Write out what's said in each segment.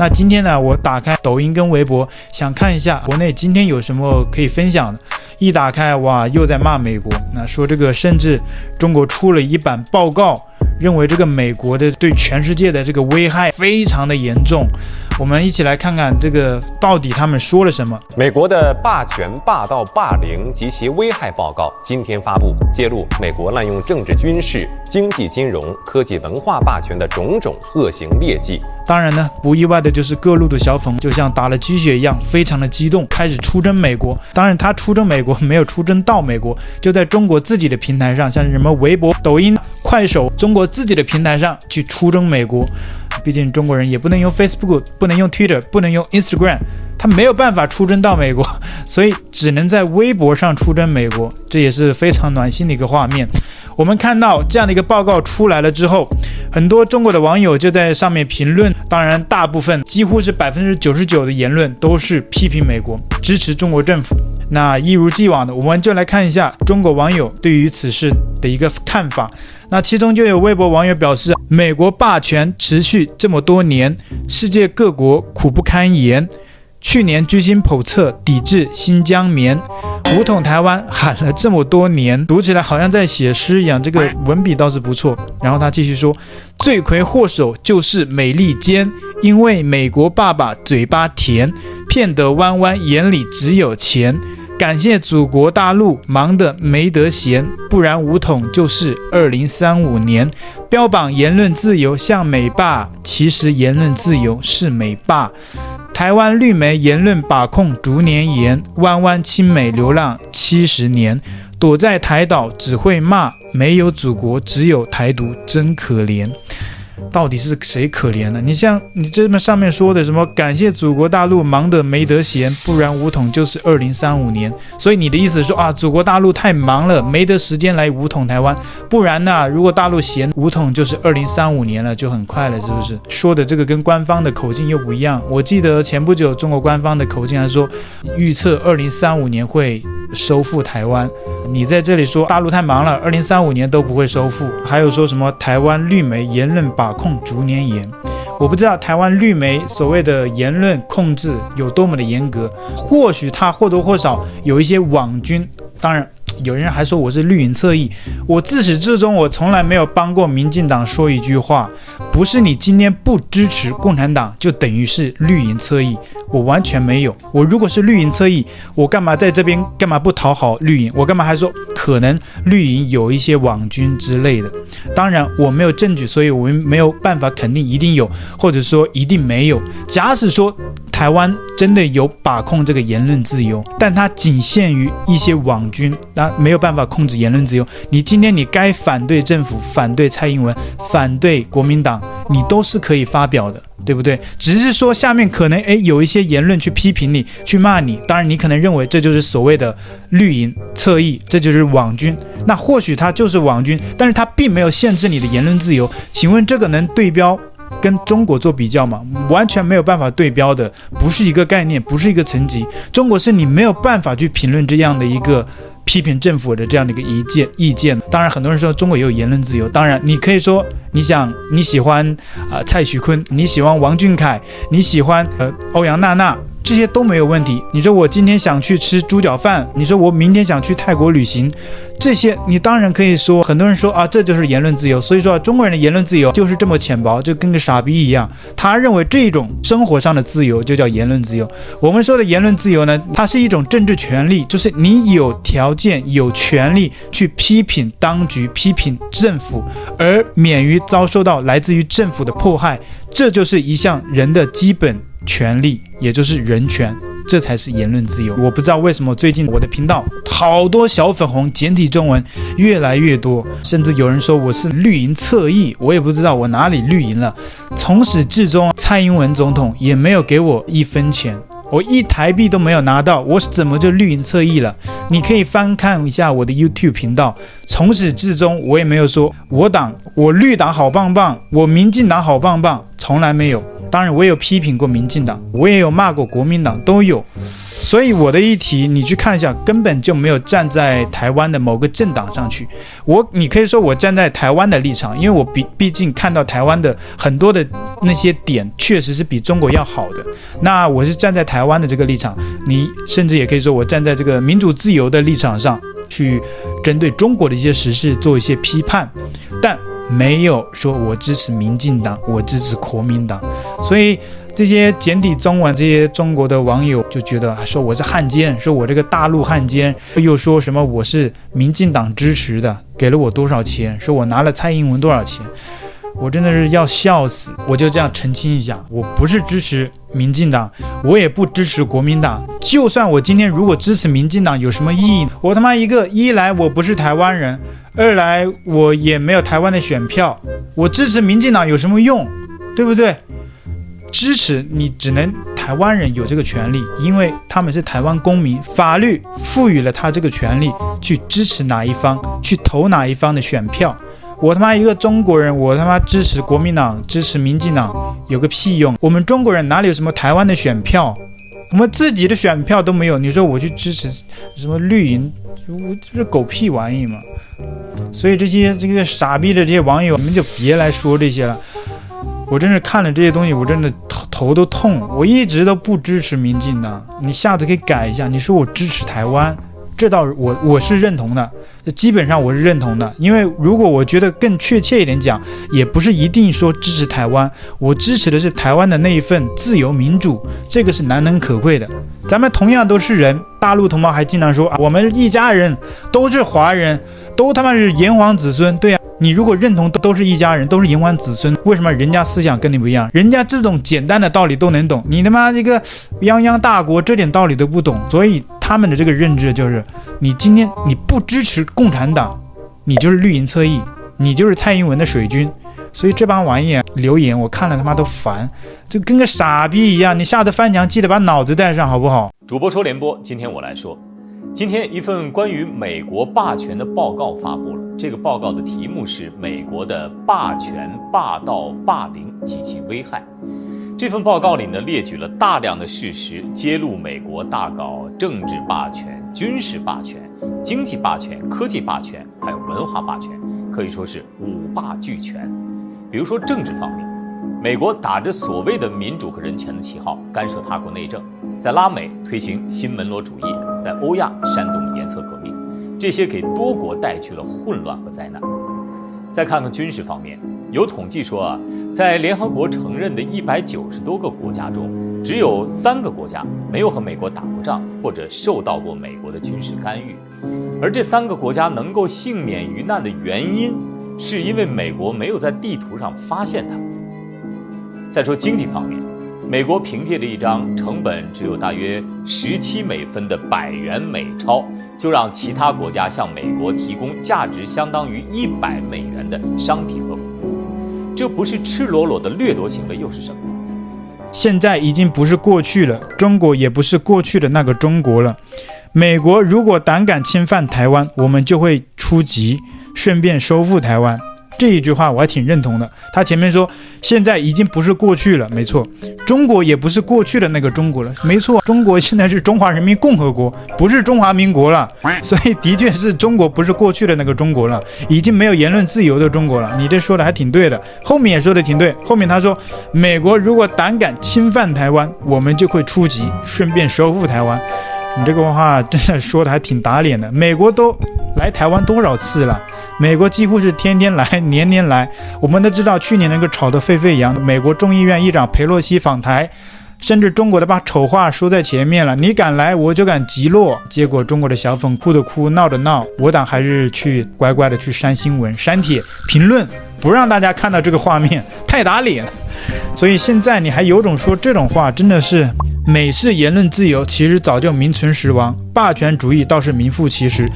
那今天呢，我打開抖音跟微博，想看一下國內今天有什麼可以分享的。一打開，哇，又在罵美國。那說這個，甚至中國出了一版報告，認為這個美國的對全世界的這個危害非常的嚴重。我們一起來看看這個到底他們說了什麼？美國的霸權、霸道、霸凌及其危害報告今天發布，揭露美國濫用政治、軍事、經濟、金融、科技、文化霸權的種種惡行劣跡。當然呢，不意外的就是各路的小粉就像打了雞血一樣，非常的激動，開始出征美國。當然，他出征美國沒有出征到美國，就在中國自己的平台上，像是什麼微博、抖音、快手，中國自己的平台上去出征美國。畢竟中國人也不能用 Facebook，不能用 Twitter，不能用 Instagram，他沒有辦法出征到美國，所以只能在微博上出征美國，這也是非常暖心的一個畫面。我們看到這樣的一個報告出來了之後，很多中國的網友就在上面評論，當然大部分，幾乎是百分之九十九的言論都是批評美國，支持中國政府。那一如既往的，我們就來看一下中國網友對於此事的一個看法。那其中就有微博網友表示：“美國霸權持續這麼多年，世界各國苦不堪言。去年居心叵測，抵制新疆棉，武統台灣喊了這麼多年，讀起來好像在寫詩一樣，這個文筆倒是不錯。”然後他繼續說：“罪魁禍首就是美利堅，因為美國爸爸嘴巴甜，騙得灣灣眼裡只有錢。”感謝祖國大陸忙得沒得閒，不然武統就是二零三五年。標榜言論自由，像美霸，其實言論自由是美霸。台灣綠媒言論把控逐年嚴，彎彎親美流浪七十年，躲在台島只會罵，沒有祖國只有台獨，真可憐。到底是誰可憐呢？你像你這麼上面說的什麼感謝祖國大陸忙得沒得閑，不然武統就是二零三五年。所以你的意思是說啊，祖國大陸太忙了，沒得時間來武統台灣。不然呢，如果大陸閑，武統就是二零三五年了，就很快了，是不是？說的這個跟官方的口徑又不一樣。我記得前不久中國官方的口徑還說預測二零三五年會收復台灣。你在這裡說大陸太忙了，二零三五年都不會收復。還有說什麼台灣綠媒言論把。把控逐年嚴，我不知道台灣綠媒所謂的言論控制有多麼的嚴格，或許他或多或少有一些網軍。當然，有人還說我是綠營側翼，我自始至終我從來沒有幫過民進黨說一句話。不是你今天不支持共產黨，就等於是綠營側翼，我完全沒有。我如果是綠營側翼，我幹嘛在這邊？幹嘛不討好綠營？我幹嘛還說？可能綠營有一些網軍之類的，當然我沒有證據，所以我們沒有辦法肯定一定有，或者說一定沒有。假使說台灣真的有把控這個言論自由，但它僅限於一些網軍，那、啊、沒有辦法控制言論自由。你今天你該反對政府、反對蔡英文、反對國民黨，你都是可以發表的。對不對？只是說下面可能誒有一些言論去批評你，去罵你。當然，你可能認為這就是所謂的綠營側翼，這就是網軍。那或許他就是網軍，但是他並沒有限制你的言論自由。請問這個能對標跟中國做比較嗎？完全沒有辦法對標的，不是一個概念，不是一個層級。中國是你沒有辦法去評論這樣的一個。批評政府的這樣的一個意見意見，當然很多人說中國也有言論自由。當然，你可以說你想你喜歡啊、呃、蔡徐坤，你喜歡王俊凱，你喜歡呃歐陽娜娜。這些都沒有問題。你說我今天想去吃豬腳飯，你說我明天想去泰國旅行，這些你當然可以說。很多人說啊，這就是言論自由。所以說啊，中國人的言論自由就是這麼淺薄，就跟個傻逼一樣。他認為這種生活上的自由就叫言論自由。我們說的言論自由呢，它是一種政治權利，就是你有條件、有權利去批評當局、批評政府，而免於遭受到來自於政府的迫害。這就是一項人的基本。權利，也就是人權，這才是言論自由。我不知道為什麼最近我的頻道好多小粉紅簡體中文越來越多，甚至有人說我是綠營側翼，我也不知道我哪裡綠營了。從始至終，蔡英文總統也沒有給我一分錢。我一台幣都沒有拿到，我是怎麼就綠營側翼了？你可以翻看一下我的 YouTube 頻道，從始至終我也沒有說我黨我綠黨好棒棒，我民進黨好棒棒，從來沒有。當然，我也有批評過民進黨，我也有罵過國民黨，都有。所以我的議題，你去看一下，根本就沒有站在台灣的某個政黨上去。我，你可以說我站在台灣的立場，因為我比畢竟看到台灣的很多的那些點，確實是比中國要好的。那我是站在台灣的這個立場，你甚至也可以說我站在這個民主自由的立場上。去針對中國的一些時事做一些批判，但沒有說我支持民進黨，我支持國民黨。所以這些簡體中文這些中國的網友就覺得說我是漢奸，說我這個大陸漢奸，又說什麼我是民進黨支持的，給了我多少錢，說我拿了蔡英文多少錢，我真的是要笑死。我就這樣澄清一下，我不是支持民進黨，我也不支持國民黨。就算我今天如果支持民進黨，有什麼意義？我他媽一個，一來我不是台灣人，二來我也沒有台灣的選票。我支持民進黨有什麼用？對不對？支持你只能台灣人有這個權利，因為他們是台灣公民，法律賦予了他這個權利去支持哪一方，去投哪一方的選票。我他媽一個中國人，我他媽支持國民黨，支持民進黨，有個屁用！我們中國人哪裡有什麼台灣的選票？我們自己的選票都沒有，你說我去支持什麼綠營？我這是狗屁玩意嘛！所以這些這個傻逼的這些網友，你們就別來說這些了。我真是看了這些東西，我真的頭頭都痛。我一直都不支持民進黨，你下次可以改一下。你說我支持台灣。這倒我我是認同的，基本上我是認同的，因為如果我覺得更確切一點講，也不是一定說支持台灣，我支持的是台灣的那一份自由民主，這個是難能可貴的。咱們同樣都是人，大陸同胞還經常說啊，我們一家人都是華人，都他媽是炎黃子孫，對啊。你如果認同都，都是一家人，都是炎黃子孫，為什麼人家思想跟你不一樣？人家這種簡單的道理都能懂，你他媽這個泱泱大國這點道理都不懂，所以他們的這個認知就是，你今天你不支持共產黨，你就是綠營側翼，你就是蔡英文的水軍，所以這幫玩意啊，留言我看了他媽都煩，就跟個傻逼一樣，你下次翻牆記得把腦子帶上好不好？主播說聯播，今天我來說，今天一份關於美國霸權的報告發布了。這個報告的題目是《美國的霸權、霸道、霸凌及其危害》。這份報告裡呢，列舉了大量的事實，揭露美國大搞政治霸權、軍事霸權、經濟霸權、科技霸權，還有文化霸權，可以說是五霸俱全。比如說政治方面，美國打着所謂的民主和人權的旗號干涉他國內政，在拉美推行新門羅主義，在歐亞煽動顏色革命。這些給多國帶去了混亂和災難。再看看軍事方面，有統計說啊，在聯合國承認的一百九十多個國家中，只有三個國家沒有和美國打過仗或者受到過美國的軍事干預，而這三個國家能夠幸免於難的原因，是因為美國沒有在地圖上發現它。再說經濟方面，美國憑借着一張成本只有大約十七美分的百元美鈔，就讓其他國家向美國提供價值相當於一百美元的商品和服務，這不是赤裸裸的掠奪行為，又是什麼？現在已經不是過去了，中國也不是過去的那個中國了。美國如果膽敢侵犯台灣，我們就會出擊，順便收復台灣。這一句話我還挺認同的，他前面說現在已經不是過去了，沒錯，中國也不是過去的那個中國了，沒錯，中國現在是中華人民共和國，不是中華民國了，所以的確是中國不是過去的那個中國了，已經沒有言論自由的中國了，你這說的還挺對的，後面也說的挺對，後面他說美國如果膽敢侵犯台灣，我們就會出擊，順便收復台灣，你這個話真的說的還挺打臉的，美國都。來台灣多少次了？美國幾乎是天天來，年年來。我們都知道去年那個吵得沸沸揚，美國眾議院議長佩洛西訪台，甚至中國的把醜話說在前面了：“你敢來，我就敢擊落。”結果中國的小粉哭的哭，鬧的鬧，我黨還是去乖乖的去刪新聞、刪帖、評論，不讓大家看到這個畫面，太打臉了。所以現在你還有種說這種話，真的是美式言論自由，其實早就名存實亡，霸權主義倒是名副其實。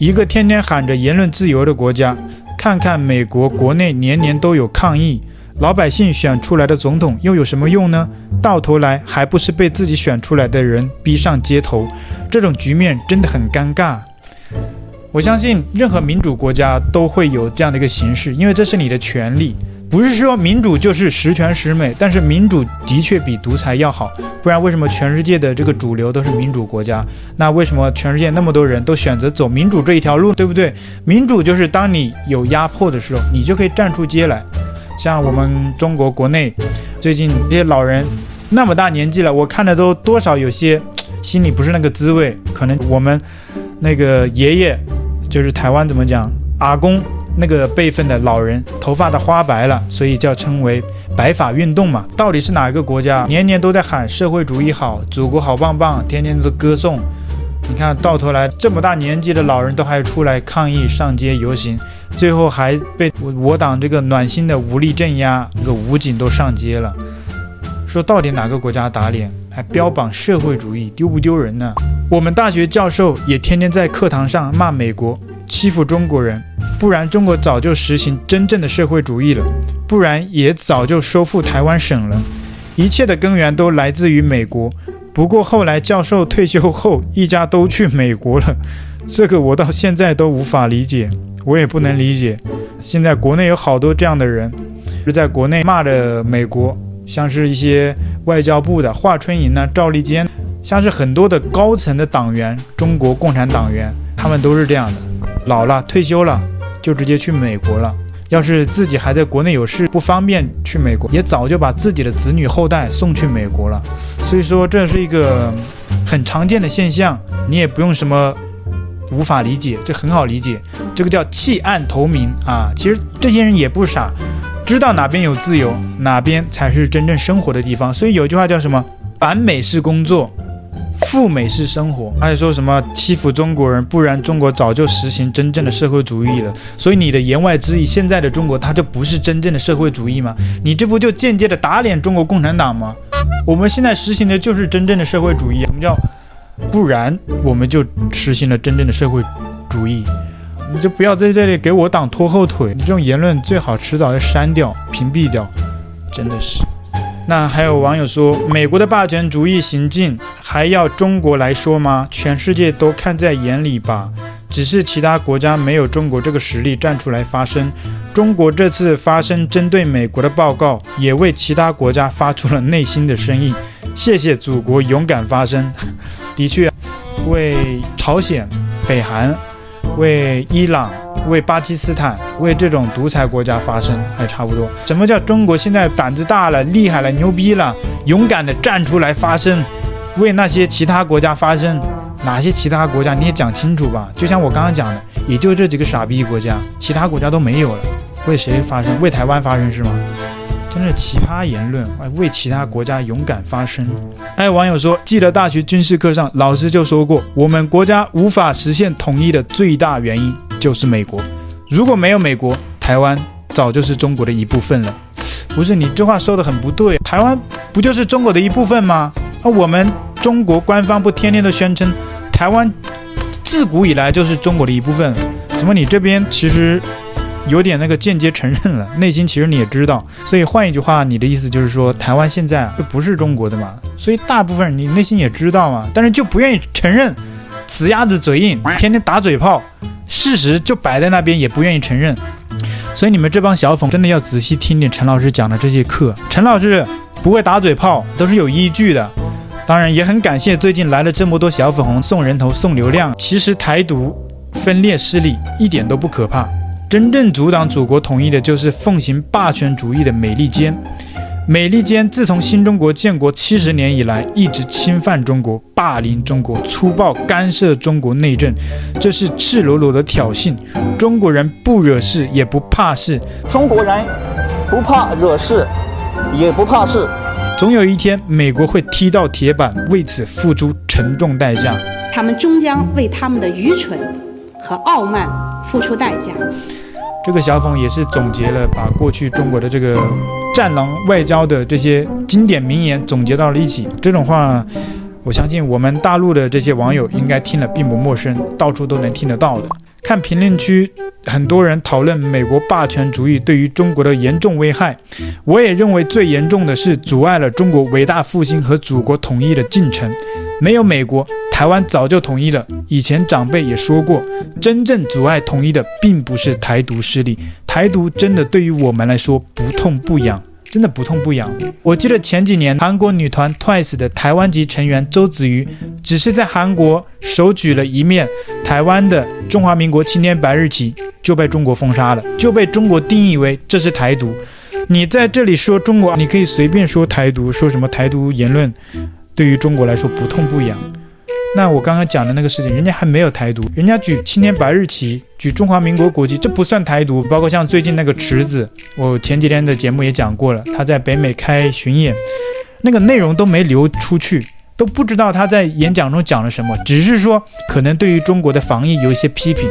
一個天天喊着言論自由的國家，看看美國國內年年都有抗議，老百姓選出來的總統又有什麼用呢？到頭來還不是被自己選出來的人逼上街頭。這種局面真的很尷尬。我相信任何民主國家都會有這樣的一個形式，因為這是你的權利。不是說民主就是十全十美，但是民主的確比獨裁要好，不然為什麼全世界的這個主流都是民主國家？那為什麼全世界那麼多人都選擇走民主這一條路，對不對？民主就是當你有壓迫的時候，你就可以站出街來。像我們中國國內，最近這些老人那麼大年紀了，我看着都多少有些心裡不是那個滋味。可能我們那個爺爺，就是台灣怎麼講，阿公。那個輩分的老人頭髮都花白了，所以叫稱為白髮運動嘛？到底是哪個國家年年都在喊社會主義好，祖國好棒棒，天天都歌頌？你看到頭來這麼大年紀的老人都還出來抗議、上街遊行，最後還被我我黨這個暖心的武力鎮壓，那個武警都上街了，說到底哪個國家打臉還標榜社會主義丟不丟人呢？我們大學教授也天天在課堂上罵美國欺負中國人。不然中國早就實行真正的社會主義了，不然也早就收復台灣省了。一切的根源都來自於美國。不過後來教授退休後，一家都去美國了，這個我到現在都無法理解，我也不能理解。現在國內有好多這樣的人，在國內罵着美國，像是一些外交部的華春瑩、啊、趙立堅，像是很多的高層的黨員，中國共產黨員，他們都是這樣的，老了退休了。就直接去美國了。要是自己還在國內有事不方便去美國，也早就把自己的子女後代送去美國了。所以說這是一個很常見的現象，你也不用什麼無法理解，這很好理解。這個叫棄暗投明啊！其實這些人也不傻，知道哪邊有自由，哪邊才是真正生活的地方。所以有一句話叫什麼？反美是工作。赴美式生活，還是說什麼欺負中國人，不然中國早就實行真正的社會主義了。所以你的言外之意，現在的中國它就不是真正的社會主義嗎？你這不就間接的打臉中國共產黨嗎？我們現在實行的就是真正的社會主義。什麼叫，不然我們就實行了真正的社會主義？你就不要在這裡給我黨拖後腿。你這種言論最好遲早要刪掉、屏蔽掉，真的是。那還有網友說，美國的霸權主義行徑還要中國來說嗎？全世界都看在眼裡吧，只是其他國家沒有中國這個實力站出來發聲。中國這次發聲針對美國的報告，也為其他國家發出了內心的聲音。謝謝祖國勇敢發聲，的確，為朝鮮、北韓。為伊朗、為巴基斯坦、為這種獨裁國家發聲還差不多。什麼叫中國現在膽子大了、厲害了、牛逼了？勇敢的站出來發聲，為那些其他國家發聲。哪些其他國家你也講清楚吧？就像我剛剛講的，也就這幾個傻逼國家，其他國家都沒有了。為誰發聲？為台灣發聲是嗎？真是奇葩言論！為其他國家勇敢發聲。還有、哎、網友說，記得大學軍事課上，老師就說過，我們國家無法實現統一的最大原因就是美國。如果沒有美國，台灣早就是中國的一部分了。不是，你這話說的很不對。台灣不就是中國的一部分嗎？那、啊、我們中國官方不天天都宣稱，台灣自古以來就是中國的一部分？怎麼你這邊其實？有點那個間接承認了，內心其實你也知道，所以換一句話，你的意思就是說台灣現在就不是中國的嘛？所以大部分你內心也知道嘛，但是就不願意承認，死鴨子嘴硬，天天打嘴炮，事實就擺在那邊，也不願意承認。所以你們這幫小粉真的要仔細聽聽陳老師講的這些課，陳老師不會打嘴炮，都是有依據的。當然也很感謝最近來了這麼多小粉紅送人頭送流量，其實台獨分裂勢力一點都不可怕。真正阻擋祖國統一的，就是奉行霸權主義的美利堅。美利堅自從新中國建國七十年以來，一直侵犯中國、霸凌中國、粗暴干涉中國內政，這是赤裸裸的挑釁。中國人不惹事，也不怕事。中國人不怕惹事，也不怕事。總有一天，美國會踢到鐵板，為此付出沉重代價。他們終將為他們的愚蠢和傲慢。付出代價。這個小粉也是總結了，把過去中國的這個戰狼外交的這些經典名言總結到了一起。這種話，我相信我們大陸的這些網友應該聽了並不陌生，到處都能聽得到的。看評論區，很多人討論美國霸權主義對於中國的嚴重危害，我也認為最嚴重的是阻礙了中國偉大復興和祖國統一的進程。沒有美國，台灣早就統一了，以前長輩也說過，真正阻礙統一的並不是台獨勢力，台獨真的對於我們來說不痛不癢，真的不痛不癢。我記得前幾年韓國女團 TWICE 的台灣籍成員周子瑜，只是在韓國手舉了一面台灣的中華民國青天白日旗，就被中國封殺了，就被中國定義為這是台獨。你在這裡說中國，你可以隨便說台獨，說什麼台獨言論，對於中國來說不痛不癢。那我剛剛講的那個事情，人家還沒有台獨，人家舉青天白日旗，舉中華民國國旗，這不算台獨。包括像最近那個池子，我前幾天的節目也講過了，他在北美開巡演，那個內容都沒流出去，都不知道他在演講中講了什麼，只是說可能對於中國的防疫有一些批評。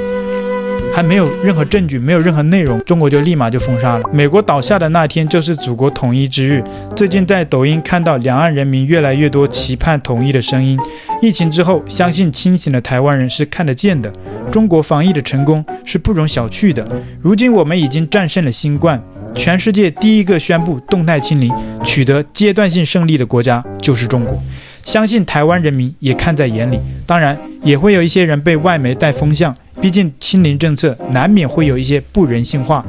還沒有任何證據，沒有任何內容，中國就立馬就封殺了。美國倒下的那天，就是祖國統一之日。最近在抖音看到兩岸人民越來越多期盼統一的聲音。疫情之後，相信清醒的台灣人是看得見的。中國防疫的成功是不容小覷的。如今我們已經戰勝了新冠，全世界第一個宣布動態清零、取得階段性勝利的國家就是中國。相信台灣人民也看在眼裡，當然也會有一些人被外媒帶風向。畢竟，清零政策難免會有一些不人性化，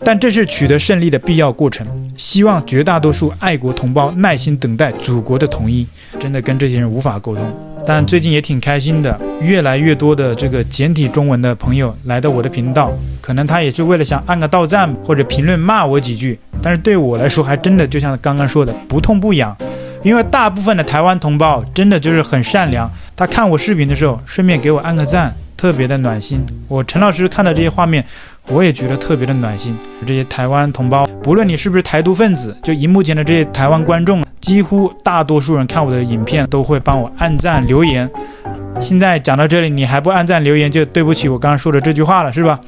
但這是取得勝利的必要過程。希望絕大多數愛國同胞耐心等待祖國的統一。真的跟這些人無法溝通，但最近也挺開心的。越來越多的這個簡體中文的朋友來到我的頻道，可能他也是為了想按個倒讚或者評論罵我幾句，但是對我來說，還真的就像剛剛說的，不痛不癢。因為大部分的台灣同胞真的就是很善良，他看我視頻的時候，順便給我按個贊。特別的暖心，我陳老師看到這些畫面，我也覺得特別的暖心。這些台灣同胞，不論你是不是台獨分子，就熒幕前的這些台灣觀眾，幾乎大多數人看我的影片都會幫我按讚留言。現在講到這裡，你還不按讚留言，就對不起我剛剛說的這句話了，是吧？